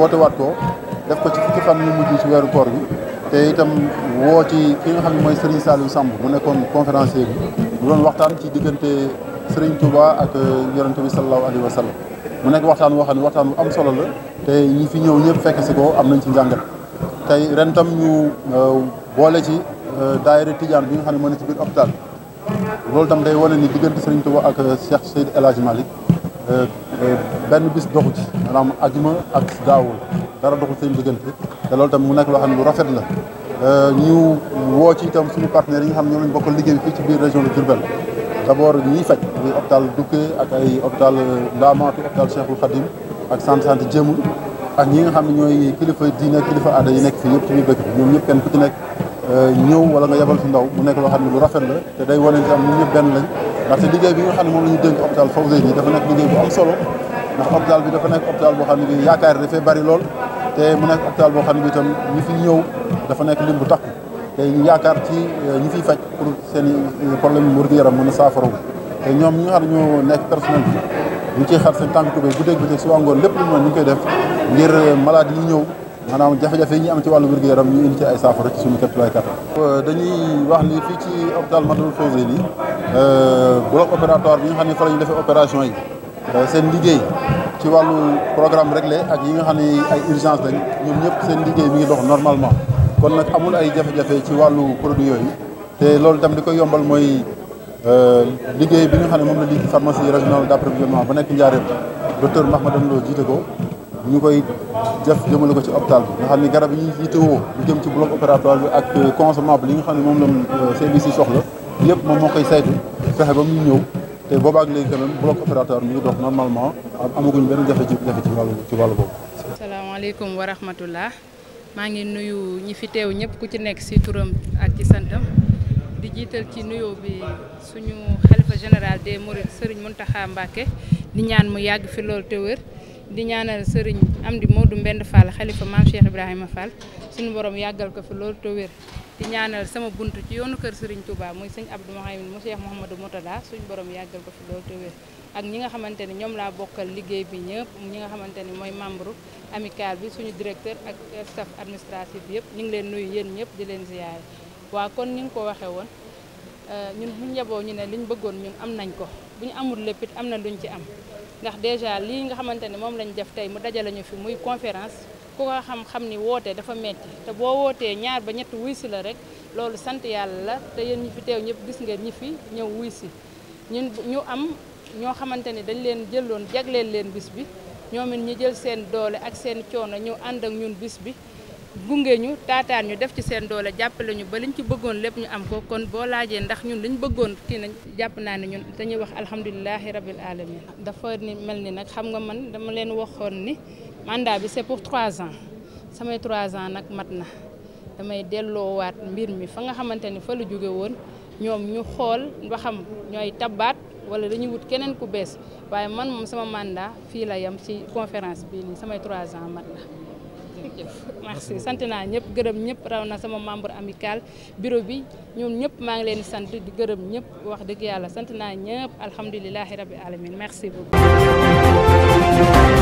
woote waat ko def ko ci fukki fan yu mujj ci weeru koor bi te itam woo ci ki nga xam ne mooy Serigne Saliou Samb mu nekkoon conférencier bi mu doon waxtaan ci diggante Serigne Touba ak yonent bi sallallahu alayhi wa sallam mu nekk waxtaan woo xam ne waxtaan bu am solo la te ñi fi ñëw ñëpp fekk si ko am nañ ci njàngat tey ren tam ñu euh, boole ci euh, daayira Tidiane bi nga xam ne moo ne ci biir hôpital loolu tam day wane ni diggante Serigne Touba ak euh, Cheikh Seyd El Hadj Euh, benn bis doxu ci maanaam ajuma ak daawul dara doxu seen diggante te loolu tam mu nekk loo xam ne lu rafet la euh, ñu woo ci itam suñu partenaires yi nga xam ne ñoom lañ bokkal liggéey fii ci biir région de Diourbel d'abord ñiy faj muy hôpital Dukke ak ay hôpital euh, Ndamatou hôpital Cheikhul Khadim ak centre santé ak ñi nga xam ne ñooy kilifa diine kilifa aada yi nekk fii yëpp ci biir ñoom ñëpp kenn ku ci nekk ñëw wala nga yebal fi ndaw mu nekk loo xam ne lu rafet la te day wane am ñun benn lañ ndaxte liggéey bi nga xam ne moom la ñu dénk hôpital Fawzeyni dafa nekk liggéey bu am solo ndax hôpital bi dafa nekk hôpital boo xam ne bi yaakaar dafay bari lool te mu nekk hôpital boo xam ne bi itam ñi fi ñëw dafa nekk lim bu takku te euh, fiy faj pour seen i euh, problème mu wér-gu-yaram mën a ñoom ñi nga xam ne ñoo nekk personnel bi ñu ciy xar seen tànk tubéy bu dégg bu dégg suba ngoon lépp lu ñu mën ñu ngi koy def ngir euh, malade yi ñëw maanaam jafe-jafe yi ñu am ci wàllu wérgu yaram ñu indi ci ay saafara ci suñu képpelaay kattan. dañuy wax ni fii ci hôpital Matlaboul Fawzeyni yi euh, bloc opératoire bi nga xam ne fa la ñu defee opération yi euh, seen liggéey ci wàllu programme réglé ak yi nga xam ne ay urgence dañ ñoom ñëpp seen liggéey mi ngi dox normalement kon nag amul ay jafe-jafe ci wàllu produit yooyu te loolu itam di ko yombal mooy euh, liggéey bi nga xam ne moom la lii ci pharmacie régionale d'approvisionnement ba nekk Ndiarème docteur Mahmadane Lo jiite ko. ñu koy def jëmale ko ci hôpital bi nga xam ne garab yi ñu tëwoo jëm ci bloc opératoire bi ak euh, consommable yi nga xam ne moom la euh, service yi soxla yëpp moom moo koy saytu fexe ba muy ñëw te boobaak léegi quand même bloc opératoire mi ngi dox normalement amaguñu benn jafe ci jafe ci wàllu ci wàllu boobu. asalaamaaleykum wa rahmatullah maa ngi nuyu ñi fi teew ñëpp ku ci nekk si turam ak ci santam di jiital ci nuyoo bi suñu xalifa général des Mourides mun tax Mbacké di ñaan mu yàgg fi loolu te di ñaanal sëriñ Amdi Modou Mbend Fall xalifa maam Cheikh Ibrahima Fall suñu boroom yàggal ko fi loolu te wér di ñaanal sama bunt ci yoonu kër sëriñ Touba muy sëñ Abdou Mahamid mu Cheikh Mouhamadou Moutala suñu borom yàggal ko fi loolu te wér ak ñi nga xamante ni ñoom laa bokkal liggéey bi ñëpp ñi nga xamante ni mooy membre amical bi suñu directeur ak staff administratif yëpp ñu ngi leen nuyu yéen ñëpp di leen ziyaare waa kon ni nga ko waxee woon euh, ñun bu ñu yeboo ñu ne liñ bëggoon ñun am nañ ko bu ñu amul lépp am na luñ ci am ndax déjà lii nga xamante ne moom lañ def tey mu dajale ñu fi muy conférence ku ko xam xam ni woote dafa metti te boo wootee ñaar ba ñett wuy si la rek loolu sant yàlla la te yéen ñi fi teew ñëpp gis ngeen ñi fi ñëw wuy si ñun ñu am ñoo xamante ne dañ leen jëloon jagleel leen bis bi ñoom ñu jël seen doole ak seen coono ñu ànd ak ñun bis bi gunge ñu taataan ñu def ci seen doole jàppale ñu ba liñ ci bëggoon lépp ñu am ko kon boo laajee ndax ñun dañu bëggoon kii nañ jàpp naa ne ñun dañuy wax alhamdulilahi rabil alamin dafa ni mel ni nag xam nga man dama leen waxoon ni mandat bi c'est pour trois ans samay trois ans nag mat na damay delloowaat mbir mi fa nga xamante ni fa la jóge woon ñoom ñu xool ba xam ñooy tabaat wala dañuy wut keneen ku bees waaye man moom sama mandat fii la yem ci conférence bii samay trois ans mat merci sant naa ñëpp gërëm ñëpp raw na sama membre amical bureau bi ñoom ñëpp maa ngi leen di sant di gërëm ñëpp wax dëgg yàlla sant naa ñëpp alhamdulilahi rabbi alamin merci beaucoup